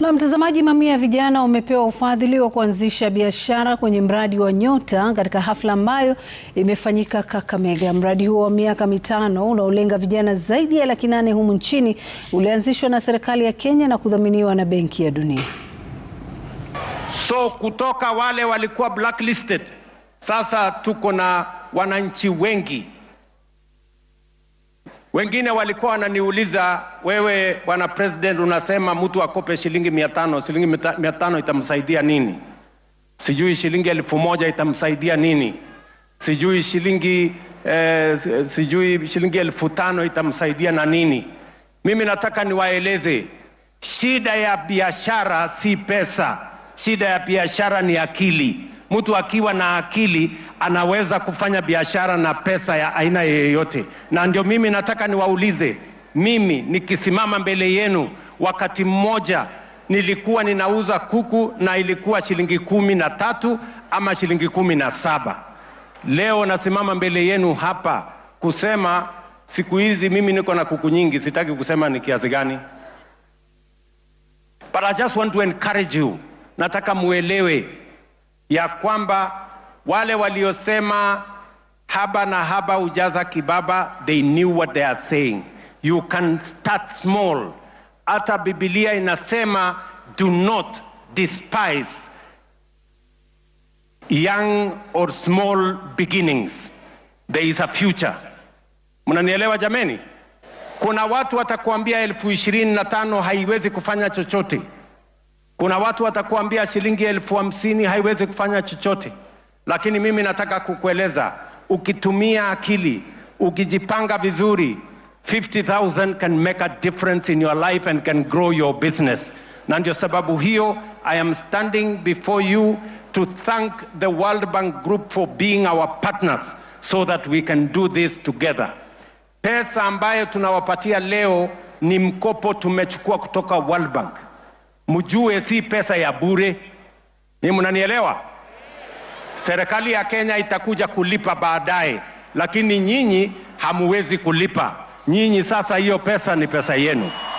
Na mtazamaji, mamia ya vijana wamepewa ufadhili wa kuanzisha biashara kwenye mradi wa Nyota katika hafla ambayo imefanyika Kakamega. Mradi huo wa miaka mitano unaolenga vijana zaidi ya laki nane humu nchini ulianzishwa na serikali ya Kenya na kudhaminiwa na Benki ya Dunia. So kutoka wale walikuwa blacklisted, sasa tuko na wananchi wengi wengine walikuwa wananiuliza, wewe bwana president, unasema mtu akope shilingi mia tano shilingi mia tano itamsaidia nini? Sijui shilingi elfu moja itamsaidia nini? Sijui shilingi eh, sijui shilingi elfu tano itamsaidia na nini? Mimi nataka niwaeleze, shida ya biashara si pesa, shida ya biashara ni akili. Mtu akiwa na akili anaweza kufanya biashara na pesa ya aina yoyote na ndio mimi nataka niwaulize. Mimi nikisimama mbele yenu, wakati mmoja nilikuwa ninauza kuku na ilikuwa shilingi kumi na tatu ama shilingi kumi na saba. Leo nasimama mbele yenu hapa kusema siku hizi mimi niko na kuku nyingi, sitaki kusema ni kiasi gani, but I just want to encourage you. Nataka muelewe ya kwamba wale waliosema haba na haba hujaza kibaba, they knew what they are saying. You can start small. Hata Biblia inasema do not despise young or small beginnings, there is a future. Mnanielewa jameni? Kuna watu watakuambia elfu ishirini na tano haiwezi kufanya chochote. Kuna watu watakuambia shilingi elfu hamsini haiwezi kufanya chochote. Lakini mimi nataka kukueleza, ukitumia akili, ukijipanga vizuri, 50,000 can make a difference in your life and can grow your business. Na ndio sababu hiyo I am standing before you to thank the World Bank Group for being our partners so that we can do this together. Pesa ambayo tunawapatia leo ni mkopo tumechukua kutoka World Bank. Mjue si pesa ya bure. Ni mnanielewa? serikali ya Kenya itakuja kulipa baadaye, lakini nyinyi hamuwezi kulipa. Nyinyi sasa, hiyo pesa ni pesa yenu.